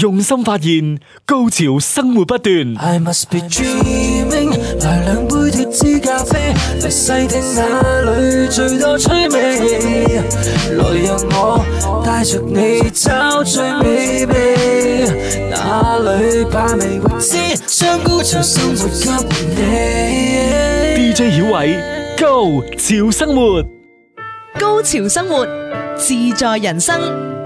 用心發現高潮生活不斷。來兩杯脫脂咖啡，來細聽那裏最多趣味。來讓我帶着你找最美秘，哪裏把味先將高潮生活給你。DJ 曉偉，高潮生活，高潮生活，自在人生。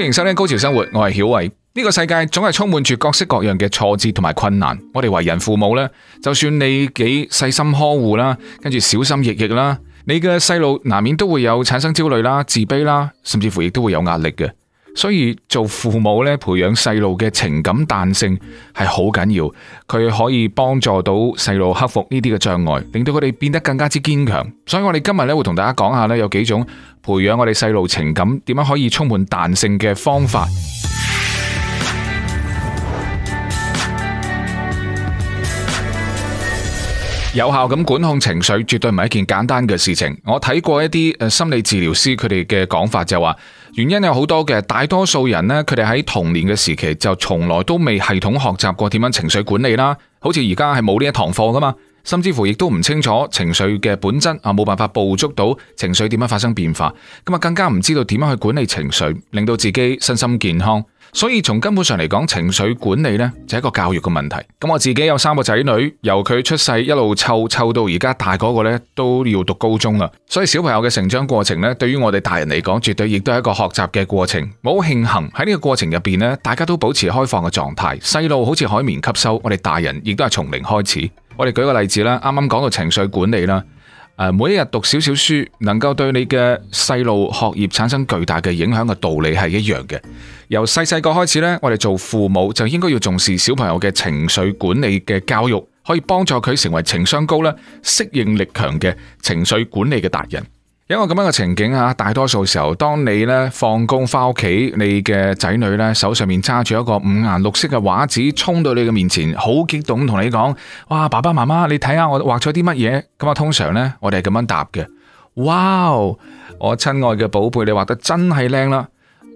歡迎收聽《高潮生活》，我曉，我係曉偉。呢個世界總係充滿住各式各樣嘅挫折同埋困難。我哋為人父母咧，就算你幾細心呵護啦，跟住小心翼翼啦，你嘅細路難免都會有產生焦慮啦、自卑啦，甚至乎亦都會有壓力嘅。所以做父母咧，培養細路嘅情感彈性係好緊要，佢可以幫助到細路克服呢啲嘅障礙，令到佢哋變得更加之堅強。所以我哋今日咧會同大家講下咧，有幾種培養我哋細路情感點樣可以充滿彈性嘅方法。 有效咁管控情緒，絕對唔係一件簡單嘅事情。我睇過一啲誒心理治療師佢哋嘅講法、就是，就話。原因有好多嘅，大多數人呢，佢哋喺童年嘅時期就從來都未系統學習過點樣情緒管理啦，好似而家係冇呢一堂課噶嘛，甚至乎亦都唔清楚情緒嘅本質啊，冇辦法捕捉到情緒點樣發生變化，咁啊更加唔知道點樣去管理情緒，令到自己身心健康。所以從根本上嚟講，情緒管理呢就係一個教育嘅問題。咁我自己有三個仔女，由佢出世一路湊湊到而家大嗰個呢，都要讀高中啦。所以小朋友嘅成長過程呢，對於我哋大人嚟講，絕對亦都係一個學習嘅過程。好慶幸喺呢個過程入邊呢，大家都保持開放嘅狀態。細路好似海綿吸收，我哋大人亦都係從零開始。我哋舉個例子啦，啱啱講到情緒管理啦。每一日讀少少書，能夠對你嘅細路學業產生巨大嘅影響嘅道理係一樣嘅。由細細個開始咧，我哋做父母就應該要重視小朋友嘅情緒管理嘅教育，可以幫助佢成為情商高咧、適應力強嘅情緒管理嘅達人。一個咁樣嘅情景啊，大多數時候，當你呢放工翻屋企，你嘅仔女呢手上面揸住一個五顏六色嘅畫紙，衝到你嘅面前，好激動同你講：哇，爸爸媽媽，你睇下我畫咗啲乜嘢？咁啊，通常呢，我哋係咁樣答嘅：哇，我親愛嘅寶貝，你畫得真係靚啦！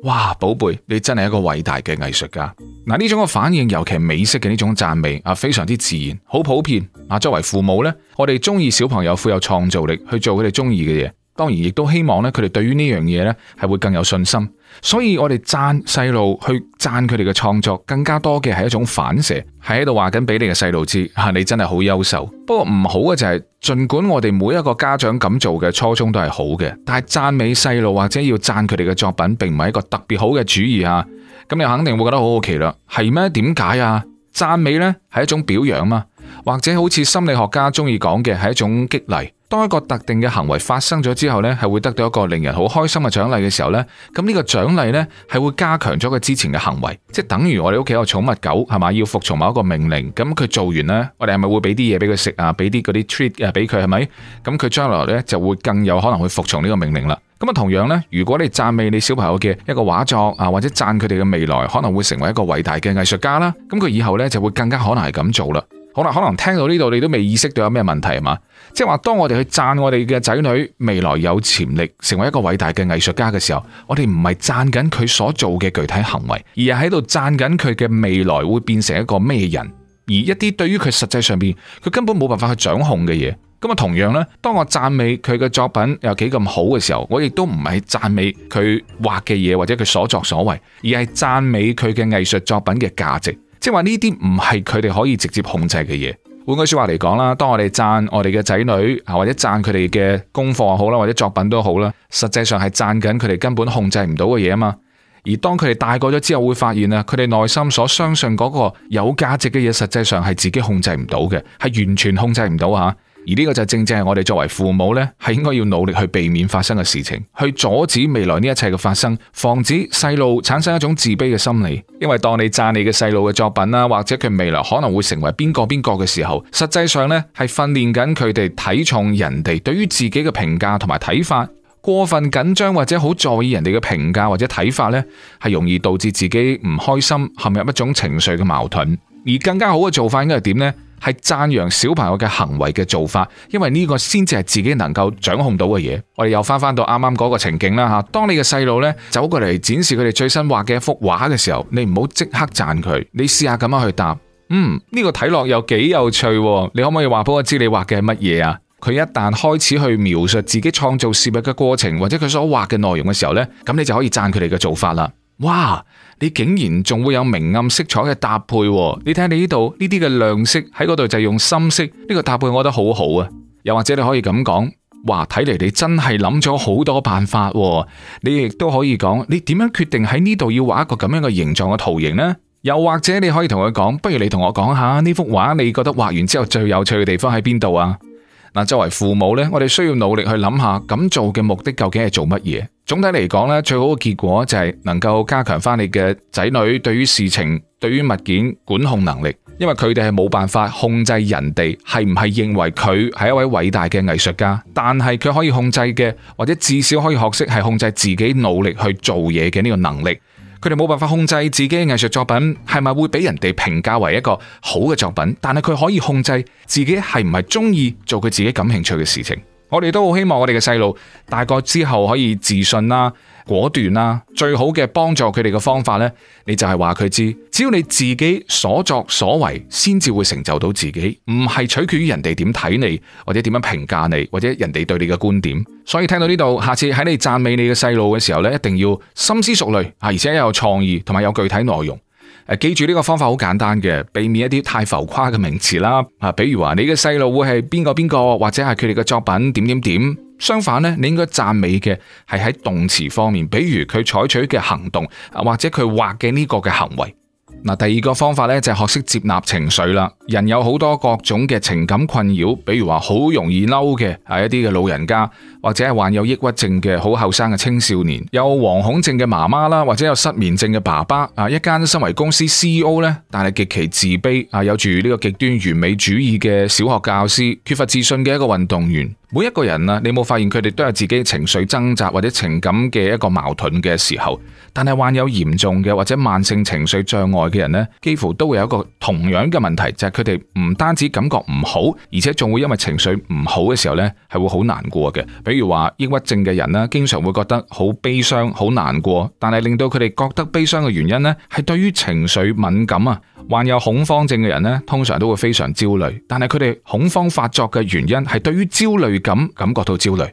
哇，寶貝，你真係一個偉大嘅藝術家。嗱，呢種嘅反應，尤其美式嘅呢種讚美啊，非常之自然，好普遍啊。作為父母呢，我哋中意小朋友富有創造力，去做佢哋中意嘅嘢。當然，亦都希望咧，佢哋對於呢樣嘢咧，係會更有信心。所以我哋讚細路去讚佢哋嘅創作，更加多嘅係一種反射，係喺度話緊俾你嘅細路知吓，你真係好優秀。不過唔好嘅就係，盡管我哋每一個家長咁做嘅初衷都係好嘅，但係讚美細路或者要讚佢哋嘅作品，並唔係一個特別好嘅主意啊。咁你肯定會覺得好好奇啦，係咩？點解啊？讚美呢係一種表揚嘛，或者好似心理學家中意講嘅係一種激勵。當一個特定嘅行為發生咗之後呢，係會得到一個令人好開心嘅獎勵嘅時候呢，咁呢個獎勵呢係會加強咗佢之前嘅行為，即係等於我哋屋企個寵物狗係咪要服從某一個命令，咁佢做完呢，我哋係咪會俾啲嘢俾佢食啊？俾啲嗰啲 treat 啊俾佢係咪？咁佢將來呢就會更有可能會服從呢個命令啦。咁啊，同樣呢，如果你讚美你小朋友嘅一個畫作啊，或者讚佢哋嘅未來可能會成為一個偉大嘅藝術家啦，咁佢以後呢，就會更加可能係咁做啦。好啦，可能聽到呢度你都未意識到有咩問題吖嘛？即係話，當我哋去讚我哋嘅仔女未來有潛力成為一個偉大嘅藝術家嘅時候，我哋唔係讚緊佢所做嘅具體行為，而係喺度讚緊佢嘅未來會變成一個咩人，而一啲對於佢實際上邊佢根本冇辦法去掌控嘅嘢。咁啊，同樣咧，當我讚美佢嘅作品有幾咁好嘅時候，我亦都唔係讚美佢畫嘅嘢或者佢所作所為，而係讚美佢嘅藝術作品嘅價值。即係話呢啲唔係佢哋可以直接控制嘅嘢。換句說話嚟講啦，當我哋讚我哋嘅仔女，啊或者讚佢哋嘅功課好啦，或者作品都好啦，實際上係讚緊佢哋根本控制唔到嘅嘢啊嘛。而當佢哋大個咗之後，會發現啊，佢哋內心所相信嗰個有價值嘅嘢，實際上係自己控制唔到嘅，係完全控制唔到吓。而呢個就正正係我哋作為父母，呢係應該要努力去避免發生嘅事情，去阻止未來呢一切嘅發生，防止細路產生一種自卑嘅心理。因為當你讚你嘅細路嘅作品啊，或者佢未來可能會成為邊個邊個嘅時候，實際上呢係訓練緊佢哋睇重人哋對於自己嘅評價同埋睇法，過分緊張或者好在意人哋嘅評價或者睇法呢，係容易導致自己唔開心，陷入一種情緒嘅矛盾。而更加好嘅做法應該係點呢？係讚揚小朋友嘅行為嘅做法，因為呢個先至係自己能夠掌控到嘅嘢。我哋又翻翻到啱啱嗰個情景啦，吓，當你嘅細路呢走過嚟展示佢哋最新畫嘅一幅畫嘅時候，你唔好即刻讚佢，你試下咁樣去答，嗯，呢個睇落又幾有趣喎，你可唔可以話俾我知你畫嘅係乜嘢啊？佢一旦開始去描述自己創造事物嘅過程，或者佢所畫嘅內容嘅時候呢，咁你就可以讚佢哋嘅做法啦。哇！你竟然仲會有明暗色彩嘅搭配哦，你睇下你呢度呢啲嘅亮色喺嗰度就用深色，呢個搭配，我覺得好好啊。又或者你可以咁講，哇，睇嚟你真係諗咗好多辦法啊。你亦都可以講，你點樣決定喺呢度要畫一個咁樣嘅形狀嘅圖形呢？又或者你可以同佢講，不如你同我講下呢幅畫，你覺得畫完之後最有趣嘅地方喺邊度啊？嗱，作為父母咧，我哋需要努力去諗下，咁做嘅目的究竟係做乜嘢？總體嚟講咧，最好嘅結果就係能夠加強翻你嘅仔女對於事情、對於物件管控能力，因為佢哋係冇辦法控制人哋係唔係認為佢係一位偉大嘅藝術家，但係佢可以控制嘅，或者至少可以學識係控制自己努力去做嘢嘅呢個能力。佢哋冇辦法控制自己嘅藝術作品係咪會俾人哋評價為一個好嘅作品，但係佢可以控制自己係唔係中意做佢自己感興趣嘅事情。我哋都好希望我哋嘅細路大個之後可以自信啦。果斷啦、啊，最好嘅幫助佢哋嘅方法呢，你就係話佢知，只要你自己所作所為，先至會成就到自己，唔係取決於人哋點睇你，或者點樣評價你，或者人哋對你嘅觀點。所以聽到呢度，下次喺你讚美你嘅細路嘅時候呢，一定要深思熟慮啊，而且有創意，同埋有具體內容。誒、啊，記住呢個方法好簡單嘅，避免一啲太浮誇嘅名詞啦。啊，比如話你嘅細路會係邊個邊個，或者係佢哋嘅作品點點點。怎樣怎樣怎樣。相反呢，你應該讚美嘅係喺動詞方面，比如佢採取嘅行動，或者佢畫嘅呢個嘅行為。嗱，第二個方法呢，就係學識接納情緒啦。人有好多各種嘅情感困擾，比如話好容易嬲嘅係一啲嘅老人家，或者係患有抑鬱症嘅好後生嘅青少年，有惶恐症嘅媽媽啦，或者有失眠症嘅爸爸。啊，一間身為公司 CEO 呢，但係極其自卑啊，有住呢個極端完美主義嘅小學教師，缺乏自信嘅一個運動員。每一個人啊，你冇發現佢哋都有自己情緒掙扎或者情感嘅一個矛盾嘅時候，但係患有嚴重嘅或者慢性情緒障礙嘅人咧，幾乎都會有一個同樣嘅問題，就係佢哋唔單止感覺唔好，而且仲會因為情緒唔好嘅時候咧，係會好難過嘅。比如話抑鬱症嘅人啦，經常會覺得好悲傷、好難過，但係令到佢哋覺得悲傷嘅原因咧，係對於情緒敏感啊。患有恐慌症嘅人咧，通常都會非常焦慮，但係佢哋恐慌發作嘅原因係對於焦慮。咁感覺到焦慮、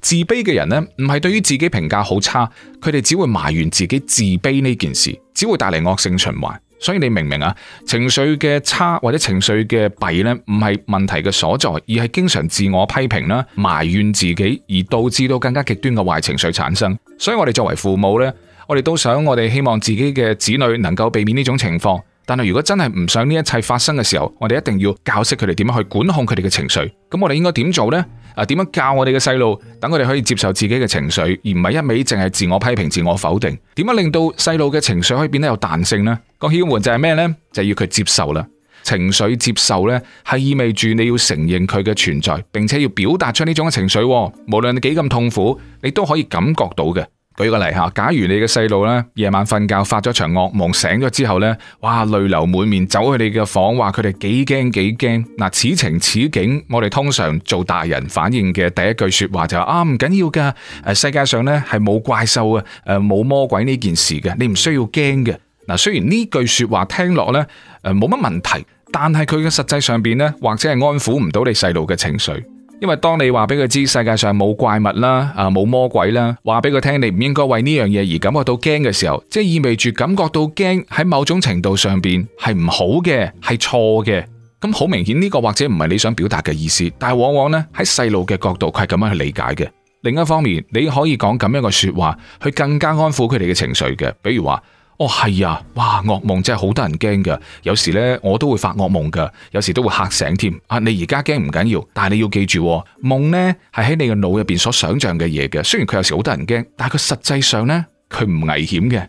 自卑嘅人呢，唔係對於自己評價好差，佢哋只會埋怨自己自卑呢件事，只會帶嚟惡性循環。所以你明唔明啊？情緒嘅差或者情緒嘅弊呢，唔係問題嘅所在，而係經常自我批評啦、埋怨自己，而導致到更加極端嘅壞情緒產生。所以我哋作為父母呢，我哋都想我哋希望自己嘅子女能夠避免呢種情況。但係如果真係唔想呢一切發生嘅時候，我哋一定要教識佢哋點樣去管控佢哋嘅情緒。咁我哋應該點做呢？啊，點樣教我哋嘅細路，等佢哋可以接受自己嘅情緒，而唔係一味淨係自我批評、自我否定。點樣令到細路嘅情緒可以變得有彈性呢？個竅門就係咩呢？就係要佢接受啦。情緒接受呢，係意味住你要承認佢嘅存在，並且要表達出呢種嘅情緒。無論你幾咁痛苦，你都可以感覺到嘅。舉個例吓，假如你嘅細路呢，夜晚瞓覺發咗場噩夢，醒咗之後呢，哇淚流滿面走，走去你嘅房話佢哋幾驚幾驚。嗱，此情此景，我哋通常做大人反應嘅第一句說話就話，啊，唔緊要噶，世界上呢，係冇怪獸啊，冇魔鬼呢件事嘅，你唔需要驚嘅。嗱，雖然呢句說話聽落呢，冇乜問題，但係佢嘅實際上邊呢，或者係安撫唔到你細路嘅情緒。因為當你話俾佢知世界上冇怪物啦，啊冇魔鬼啦，話俾佢聽你唔應該為呢樣嘢而感覺到驚嘅時候，即係意味住感覺到驚喺某種程度上邊係唔好嘅，係錯嘅。咁好明顯呢個或者唔係你想表達嘅意思，但係往往呢，喺細路嘅角度佢係咁樣去理解嘅。另一方面，你可以講咁樣嘅說話去更加安撫佢哋嘅情緒嘅，比如話。ítulo 哦係啊，哇惡夢真係好得人驚嘅，有時呢，我都會發惡夢嘅，有時都會嚇醒添。啊，你而家驚唔緊要，但係你要記住，夢、哦、呢係喺你嘅腦入邊所想象嘅嘢嘅。雖然佢有時好得人驚，但係佢實際上呢，佢唔危險嘅。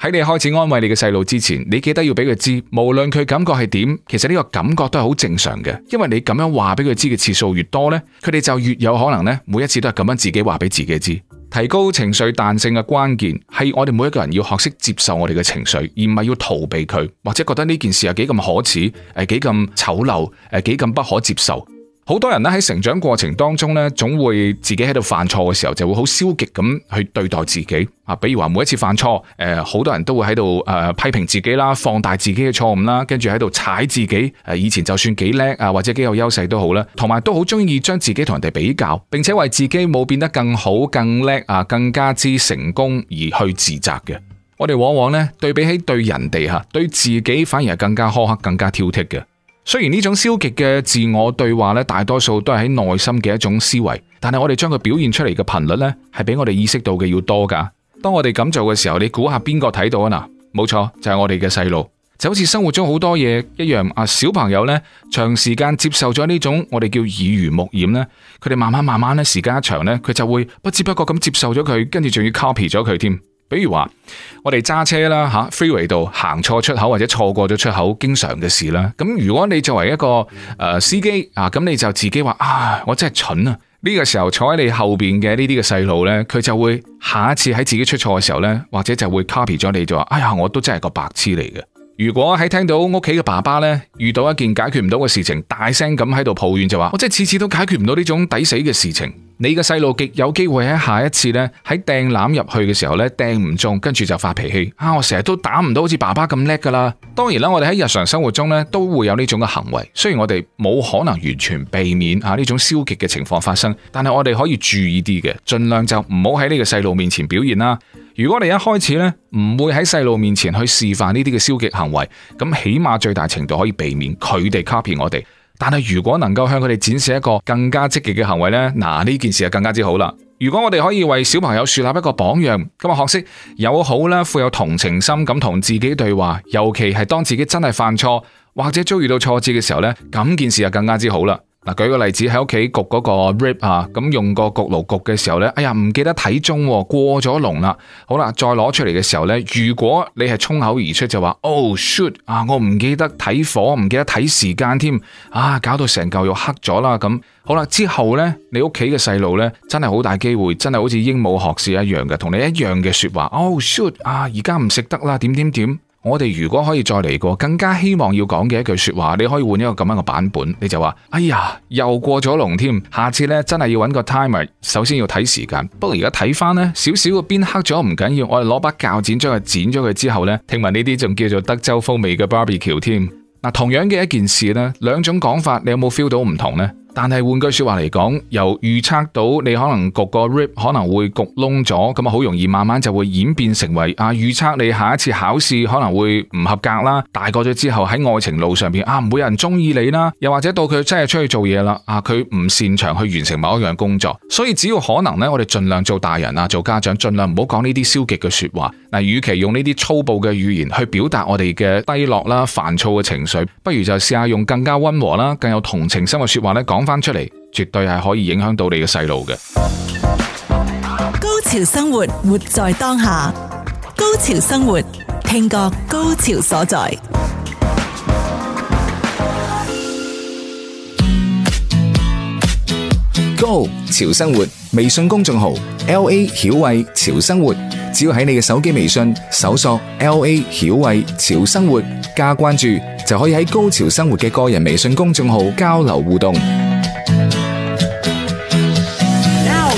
喺你開始安慰你嘅細路之前，你記得要俾佢知，無論佢感覺係點，其實呢個感覺都係好正常嘅。因為你咁樣話俾佢知嘅次數越多呢，佢哋就越有可能呢，每一次都係咁樣自己話俾自己知。提高情緒彈性嘅關鍵係我哋每一個人要學識接受我哋嘅情緒，而唔係要逃避佢，或者覺得呢件事係幾咁可恥、誒幾咁醜陋、誒幾咁不可接受。好多人咧，喺成長過程當中咧，總會自己喺度犯錯嘅時候，就會好消極咁去對待自己啊。比如話每一次犯錯，誒、呃，好多人都會喺度誒批評自己啦，放大自己嘅錯誤啦，跟住喺度踩自己。誒，以前就算幾叻啊，或者幾有優勢都好啦，同埋都好中意將自己同人哋比較，並且為自己冇變得更好、更叻啊、更加之成功而去自責嘅。我哋往往咧對比起對人哋吓，對自己反而係更加苛刻、更加挑剔嘅。雖然呢種消極嘅自我對話咧，大多數都係喺內心嘅一種思維，但係我哋將佢表現出嚟嘅頻率咧，係比我哋意識到嘅要多噶。當我哋咁做嘅時候，你估下邊個睇到啊？嗱，冇錯，就係我哋嘅細路，就好似生活中好多嘢一樣啊。小朋友咧，長時間接受咗呢種我哋叫耳濡目染咧，佢哋慢慢慢慢咧，時間一長咧，佢就會不知不覺咁接受咗佢，跟住仲要 copy 咗佢添。比如話，我哋揸車啦吓，freeway 度行錯出口或者錯過咗出口，出口經常嘅事啦。咁如果你作為一個誒、呃、司機啊，咁你就自己話啊，我真係蠢啊！呢、這個時候坐喺你後邊嘅呢啲嘅細路呢，佢就會下一次喺自己出錯嘅時候呢，或者就會 copy 咗你，就話哎呀，我都真係個白痴嚟嘅。如果喺聽到屋企嘅爸爸呢，遇到一件解決唔到嘅事情，大聲咁喺度抱怨就話，我真係次次都解決唔到呢種抵死嘅事情。你嘅細路極有機會喺下一次呢，喺掟籃入去嘅時候呢，掟唔中，跟住就發脾氣啊！我成日都打唔到，好似爸爸咁叻㗎喇。當然啦，我哋喺日常生活中呢，都會有呢種嘅行為，雖然我哋冇可能完全避免啊呢種消極嘅情況發生，但係我哋可以注意啲嘅，盡量就唔好喺呢個細路面前表現啦。如果你一開始呢，唔會喺細路面前去示範呢啲嘅消極行為，咁起碼最大程度可以避免佢哋 copy 我哋。但係如果能夠向佢哋展示一個更加積極嘅行為呢，嗱，呢件事就更加之好啦。如果我哋可以為小朋友樹立一個榜樣，今日學識友好啦，富有同情心，咁同自己對話，尤其係當自己真係犯錯或者遭遇到挫折嘅時候呢，咁件事就更加之好啦。嗱，舉個例子，喺屋企焗嗰個 rib 啊，咁用個焗爐焗嘅時候呢，哎呀，唔記得睇鐘喎，過咗籠啦。好啦，再攞出嚟嘅時候呢，如果你係衝口而出就話，oh shoot 啊，我唔記得睇火，唔記得睇時間添，啊，搞到成嚿肉黑咗啦咁。好啦，之後呢，你屋企嘅細路呢，真係好大機會，真係好似鸚鵡學舌一樣嘅，同你一樣嘅說話，oh shoot 啊，而家唔食得啦，點點點。我哋如果可以再嚟過，更加希望要講嘅一句說話，你可以換一個咁樣嘅版本，你就話：哎呀，又過咗龍添，下次咧真係要揾個 timer，首先要睇時間。不過而家睇翻呢，少少個邊黑咗唔緊要，我哋攞把鉸剪將佢剪咗佢之後呢，聽聞呢啲仲叫做德州風味嘅 barbecue 添。嗱，同樣嘅一件事呢，兩種講法，你有冇 feel 到唔同呢？但係換句說話嚟講，由預測到你可能焗個 rip 可能會焗窿咗，咁啊好容易慢慢就會演變成為啊預測你下一次考試可能會唔合格啦。啊、大個咗之後喺愛情路上邊啊，唔會有人中意你啦。又或者到佢真係出去做嘢啦，啊佢唔擅長去完成某一樣工作。所以只要可能呢，我哋盡量做大人啊，做家長，盡量唔好講呢啲消極嘅說話。嗱、啊，與其用呢啲粗暴嘅語言去表達我哋嘅低落啦、煩躁嘅情緒，不如就試下用更加溫和啦、更有同情心嘅說話咧講。翻出嚟，絕對係可以影響到你嘅細路嘅。高潮生活，活在當下。高潮生活，聽覺高潮所在。Go！潮生活微信公眾號 L A 曉慧潮生活，只要喺你嘅手機微信搜索 L A 曉慧潮生活加關注，就可以喺高潮生活嘅個人微信公眾號交流互動。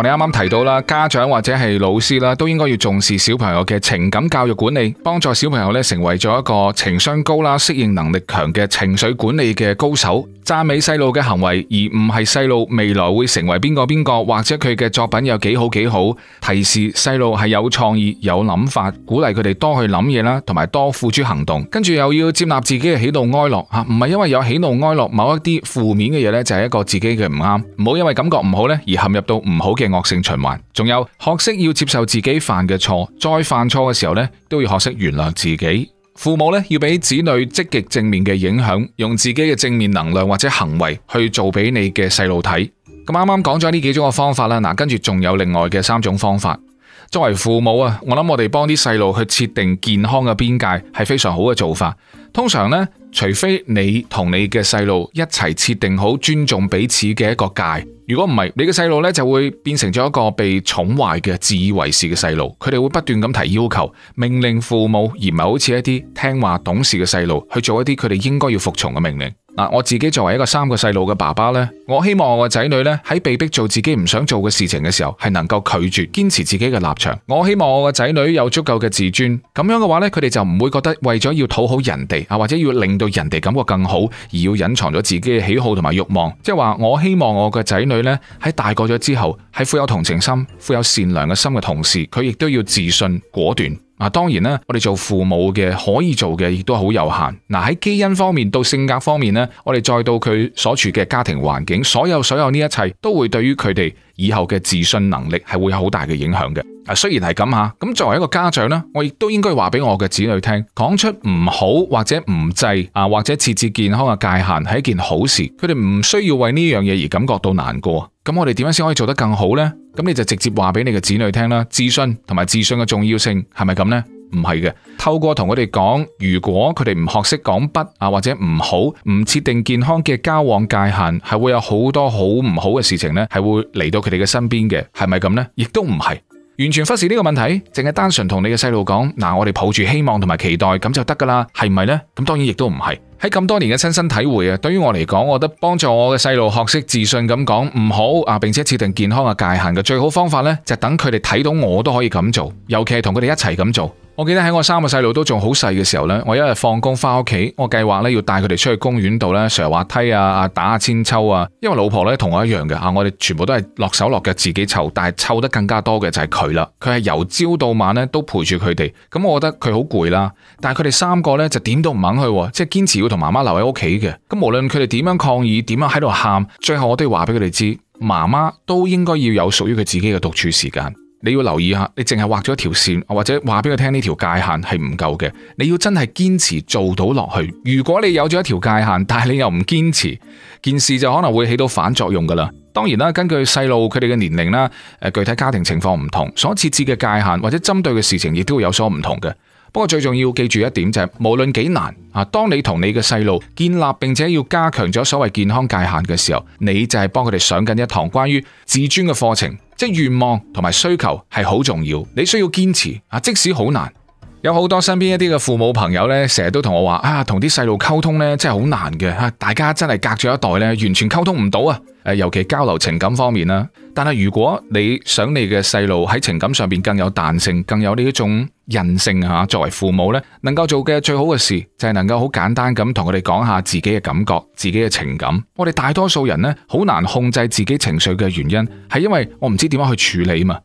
我哋啱啱提到啦，家長或者係老師啦，都應該要重視小朋友嘅情感教育管理，幫助小朋友咧成為咗一個情商高啦、適應能力強嘅情緒管理嘅高手。讚美細路嘅行為，而唔係細路未來會成為邊個邊個，或者佢嘅作品有幾好幾好。提示細路係有創意、有諗法，鼓勵佢哋多去諗嘢啦，同埋多付諸行動。跟住又要接納自己嘅喜怒哀樂嚇，唔係因為有喜怒哀樂某一啲負面嘅嘢咧，就係一個自己嘅唔啱，唔好因為感覺唔好咧而陷入到唔好嘅惡性循環，仲有學識要接受自己犯嘅錯，再犯錯嘅時候呢，都要學識原諒自己。父母呢，要俾子女積極正面嘅影響，用自己嘅正面能量或者行為去做俾你嘅細路睇。咁啱啱講咗呢幾種方法啦，嗱，跟住仲有另外嘅三種方法。作為父母啊，我諗我哋幫啲細路去設定健康嘅邊界係非常好嘅做法。通常呢，除非你同你嘅細路一齊設定好尊重彼此嘅一個界，如果唔係，你嘅細路呢就會變成咗一個被寵壞嘅自以為是嘅細路。佢哋會不斷咁提要求、命令父母，而唔係好似一啲聽話懂事嘅細路去做一啲佢哋應該要服從嘅命令。我自己作為一個三個細路嘅爸爸咧，我希望我嘅仔女咧喺被逼做自己唔想做嘅事情嘅時候，係能夠拒絕，堅持自己嘅立場。我希望我嘅仔女有足夠嘅自尊，咁樣嘅話咧，佢哋就唔會覺得為咗要討好人哋，或者要令到人哋感覺更好，而要隱藏咗自己嘅喜好同埋欲望。即係話，我希望我嘅仔女咧喺大個咗之後，喺富有同情心、富有善良嘅心嘅同時，佢亦都要自信果斷。嗱，當然啦，我哋做父母嘅可以做嘅亦都好有限。嗱，喺基因方面到性格方面呢，我哋再到佢所處嘅家庭環境，所有所有呢一切都會對於佢哋以後嘅自信能力係會有好大嘅影響嘅。啊，雖然係咁吓，咁作為一個家長咧，我亦都應該話俾我嘅子女聽，講出唔好或者唔制啊或者設置健康嘅界限係一件好事，佢哋唔需要為呢樣嘢而感覺到難過。咁我哋點樣先可以做得更好呢？咁你就直接話俾你嘅子女聽啦，自信同埋自信嘅重要性係咪咁呢？唔係嘅，透過同佢哋講，如果佢哋唔學識講不啊，或者唔好唔設定健康嘅交往界限，係會有很多很好多好唔好嘅事情呢，係會嚟到佢哋嘅身邊嘅，係咪咁呢？亦都唔係。完全忽視呢個問題，淨係單純同你嘅細路講，嗱，啊，我哋抱住希望同埋期待咁就得噶啦，係咪呢？咁當然亦都唔係，喺咁多年嘅親身體會啊，對於我嚟講，我覺得幫助我嘅細路學識自信咁講唔好啊，並且設定健康嘅界限嘅最好方法呢，就等佢哋睇到我都可以咁做，尤其係同佢哋一齊咁做。我記得喺我三個細路都仲好細嘅時候呢，我一日放工返屋企，我計劃呢要帶佢哋出去公園度呢上滑梯啊、打下千秋啊。因為老婆呢同我一樣嘅吓，我哋全部都係落手落腳自己湊，但係湊得更加多嘅就係佢啦。佢係由朝到晚呢都陪住佢哋。咁我覺得佢好攰啦，但係佢哋三個呢，就點都唔肯去，即係堅持要同媽媽留喺屋企嘅。咁無論佢哋點樣抗議、點樣喺度喊，最後我都要話俾佢哋知，媽媽都應該要有屬於佢自己嘅獨處時間。你要留意下，你淨係畫咗一條線，或者話俾佢聽呢條界限係唔夠嘅。你要真係堅持做到落去。如果你有咗一條界限，但係你又唔堅持，件事就可能會起到反作用噶啦。當然啦，根據細路佢哋嘅年齡啦，具體家庭情況唔同，所設置嘅界限或者針對嘅事情亦都會有所唔同嘅。不過最重要記住一點就係，無論幾難啊，當你同你嘅細路建立並且要加強咗所謂健康界限嘅時候，你就係幫佢哋上緊一堂關於自尊嘅課程。即係願望同埋需求係好重要，你需要堅持啊，即使好難。有好多身邊一啲嘅父母朋友呢，成日都同我話啊，同啲細路溝通呢，真係好難嘅吓，大家真係隔咗一代呢，完全溝通唔到啊！尤其交流情感方面啦。但係如果你想你嘅細路喺情感上邊更有彈性，更有呢一種韌性吓、啊，作為父母呢，能夠做嘅最好嘅事就係、是、能夠好簡單咁同佢哋講下自己嘅感覺、自己嘅情感。我哋大多數人呢，好難控制自己情緒嘅原因，係因為我唔知點樣去處理嘛。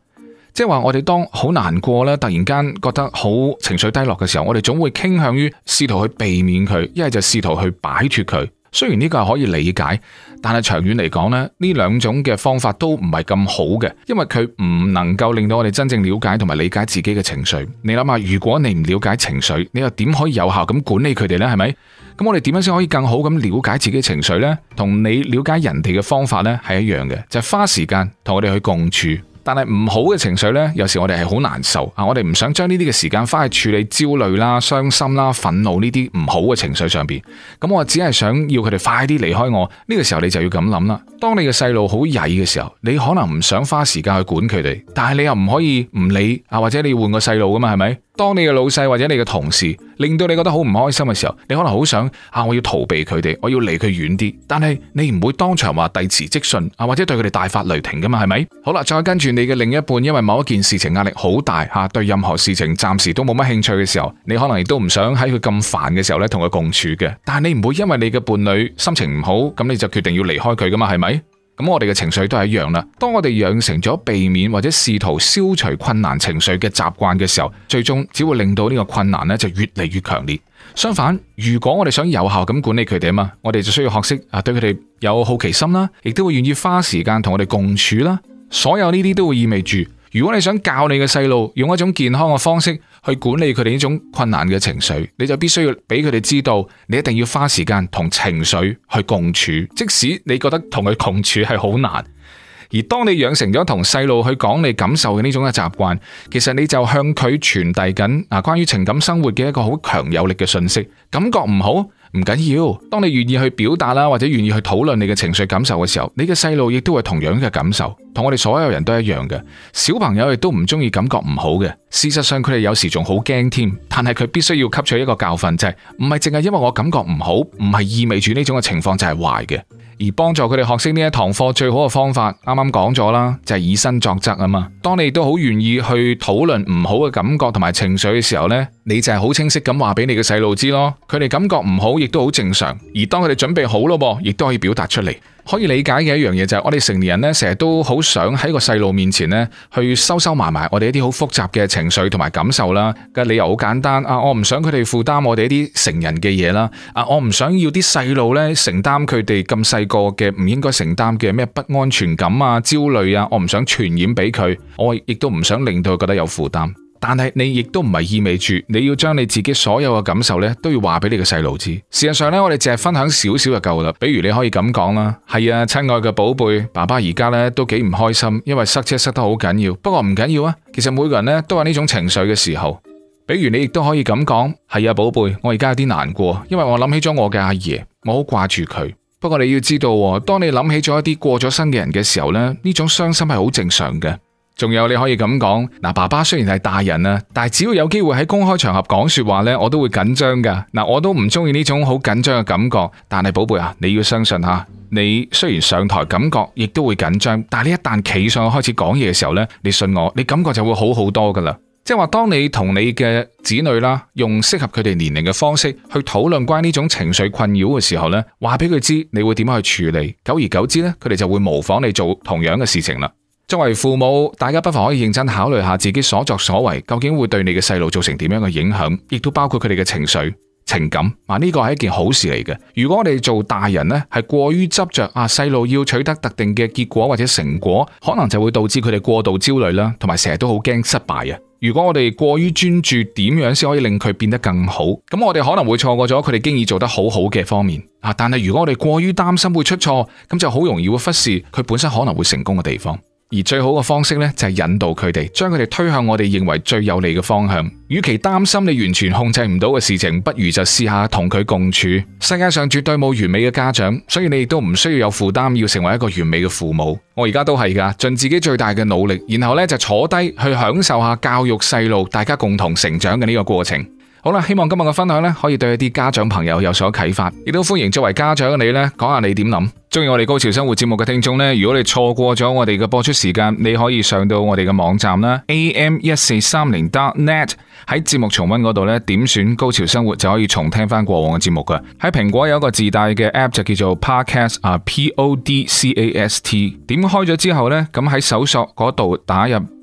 即係話，我哋當好難過咧，突然間覺得好情緒低落嘅時候，我哋總會傾向於試圖去避免佢，一係就試圖去擺脫佢。雖然呢個係可以理解，但係長遠嚟講咧，呢兩種嘅方法都唔係咁好嘅，因為佢唔能夠令到我哋真正了解同埋理解自己嘅情緒。你諗下，如果你唔了解情緒，你又點可以有效咁管理佢哋呢？係咪？咁我哋點樣先可以更好咁了解自己情緒呢？同你了解人哋嘅方法呢，係一樣嘅，就係花時間同我哋去共處。但係唔好嘅情緒呢，有時我哋係好難受啊！我哋唔想將呢啲嘅時間花去處理焦慮啦、傷心啦、憤怒呢啲唔好嘅情緒上邊。咁、嗯、我只係想要佢哋快啲離開我。呢個時候你就要咁諗啦。當你嘅細路好曳嘅時候，你可能唔想花時間去管佢哋，但係你又唔可以唔理啊，或者你要換個細路噶嘛，係咪？當你嘅老細或者你嘅同事令到你覺得好唔開心嘅時候，你可能好想啊，我要逃避佢哋，我要離佢遠啲。但係你唔會當場話遞辭職信啊，或者對佢哋大發雷霆噶嘛，係咪？好啦，再跟住。你嘅另一半因為某一件事情壓力好大吓，對任何事情暫時都冇乜興趣嘅時候，你可能亦都唔想喺佢咁煩嘅時候咧同佢共處嘅。但係你唔會因為你嘅伴侶心情唔好，咁你就決定要離開佢噶嘛，係咪？咁我哋嘅情緒都係一樣啦。當我哋養成咗避免或者試圖消除困難情緒嘅習慣嘅時候，最終只會令到呢個困難咧就越嚟越強烈。相反，如果我哋想有效咁管理佢哋啊嘛，我哋就需要學識啊對佢哋有好奇心啦，亦都會願意花時間同我哋共處啦。所有呢啲都會意味住，如果你想教你嘅細路用一種健康嘅方式去管理佢哋呢種困難嘅情緒，你就必須要俾佢哋知道，你一定要花時間同情緒去共處，即使你覺得同佢共處係好難。而當你養成咗同細路去講你感受嘅呢種嘅習慣，其實你就向佢傳遞緊啊關於情感生活嘅一個好強有力嘅信息，感覺唔好。唔緊要，當你願意去表達啦，或者願意去討論你嘅情緒感受嘅時候，你嘅細路亦都係同樣嘅感受，同我哋所有人都一樣嘅。小朋友亦都唔鍾意感覺唔好嘅，事實上佢哋有時仲好驚添，但係佢必須要吸取一個教訓，就係唔係淨係因為我感覺唔好，唔係意味住呢種嘅情況就係壞嘅。而幫助佢哋學識呢一堂課最好嘅方法，啱啱講咗啦，就係、是、以身作則啊嘛。當你亦都好願意去討論唔好嘅感覺同埋情緒嘅時候咧，你就係好清晰咁話俾你嘅細路知咯。佢哋感覺唔好，亦都好正常。而當佢哋準備好咯，亦都可以表達出嚟。可以理解嘅一樣嘢就係，我哋成年人呢成日都好想喺個細路面前呢去收收埋埋我哋一啲好複雜嘅情緒同埋感受啦。嘅理由好簡單，啊，我唔想佢哋負擔我哋一啲成人嘅嘢啦，啊，我唔想要啲細路呢承擔佢哋咁細個嘅唔應該承擔嘅咩不安全感啊、焦慮啊，我唔想傳染俾佢，我亦都唔想令到佢覺得有負擔。但係你亦都唔係意味住你要將你自己所有嘅感受呢都要話俾你個細路知。事實上呢，我哋淨係分享少少就夠啦。比如你可以咁講啦：係啊，親愛嘅寶貝，爸爸而家呢都幾唔開心，因為塞車塞得好緊要。不過唔緊要啊。其實每個人呢都係呢種情緒嘅時候，比如你亦都可以咁講：係啊，寶貝，我而家有啲難過，因為我諗起咗我嘅阿爺，我好掛住佢。不過你要知道，當你諗起咗一啲過咗身嘅人嘅時候呢，呢種傷心係好正常嘅。仲有你可以咁講嗱，爸爸雖然係大人啦，但係只要有機會喺公開場合講說話咧，我都會緊張噶。嗱，我都唔中意呢種好緊張嘅感覺。但係寶貝啊，你要相信吓，你雖然上台感覺亦都會緊張，但係你一旦企上去開始講嘢嘅時候咧，你信我，你感覺就會好好多噶啦。即係話，當你同你嘅子女啦，用適合佢哋年齡嘅方式去討論關於呢種情緒困擾嘅時候咧，話俾佢知你會點樣去處理，久而久之咧，佢哋就會模仿你做同樣嘅事情啦。作為父母，大家不妨可以認真考慮下自己所作所為究竟會對你嘅細路造成點樣嘅影響，亦都包括佢哋嘅情緒、情感。嗱，啊，呢個係一件好事嚟嘅。如果我哋做大人呢，係過於執着啊，細路要取得特定嘅結果或者成果，可能就會導致佢哋過度焦慮啦，同埋成日都好驚失敗啊。如果我哋過於專注點樣先可以令佢變得更好，咁我哋可能會錯過咗佢哋經已做得好好嘅方面啊。但係如果我哋過於擔心會出錯，咁就好容易會忽視佢本身可能會成功嘅地方。而最好嘅方式呢，就係引導佢哋，將佢哋推向我哋認為最有利嘅方向。與其擔心你完全控制唔到嘅事情，不如就試下同佢共處。世界上絕對冇完美嘅家長，所以你亦都唔需要有負擔要成為一個完美嘅父母。我而家都係噶，盡自己最大嘅努力，然後呢，就坐低去享受下教育細路，大家共同成長嘅呢個過程。好啦，希望今日嘅分享呢可以對一啲家長朋友有所啟發，亦都歡迎作為家長嘅你呢講下你點諗。中意我哋《高潮生活》節目嘅聽眾呢，如果你錯過咗我哋嘅播出時間，你可以上到我哋嘅網站啦，am 一四三零 dot net，喺節目重溫嗰度呢，點選《高潮生活》就可以重聽翻過往嘅節目噶。喺蘋果有一個自帶嘅 app 就叫做 Podcast 啊，P O D C A S T，點開咗之後呢，咁喺搜索嗰度打入。.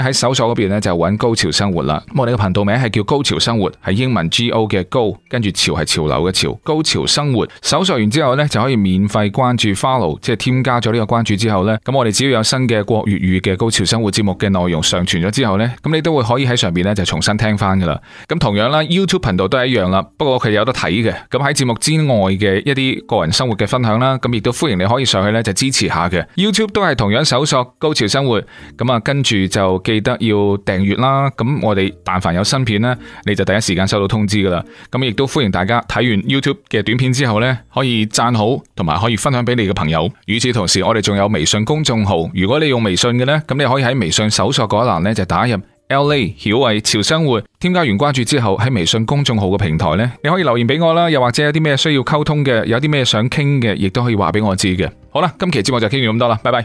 喺搜索嗰邊咧就揾高潮生活啦。咁我哋嘅頻道名係叫高潮生活，係英文 G O 嘅高，跟住潮係潮流嘅潮，高潮生活。搜索完之後呢，就可以免費關注 follow，即係添加咗呢個關注之後呢。咁我哋只要有新嘅國粵語嘅高潮生活節目嘅內容上傳咗之後呢，咁你都會可以喺上邊呢，就重新聽翻噶啦。咁同樣啦，YouTube 頻道都係一樣啦，不過佢有得睇嘅。咁喺節目之外嘅一啲個人生活嘅分享啦，咁亦都歡迎你可以上去呢，就支持下嘅。YouTube 都係同樣搜索高潮生活，咁啊跟住就。記得要訂閱啦，咁我哋但凡有新片呢，你就第一時間收到通知噶啦。咁亦都歡迎大家睇完 YouTube 嘅短片之後呢，可以讚好，同埋可以分享俾你嘅朋友。與此同時，我哋仲有微信公眾號，如果你用微信嘅呢，咁你可以喺微信搜索嗰一欄呢，就打入 LA 曉慧潮生活，添加完關注之後喺微信公眾號嘅平台呢，你可以留言俾我啦，又或者有啲咩需要溝通嘅，有啲咩想傾嘅，亦都可以話俾我知嘅。好啦，今期節目就傾完咁多啦，拜拜。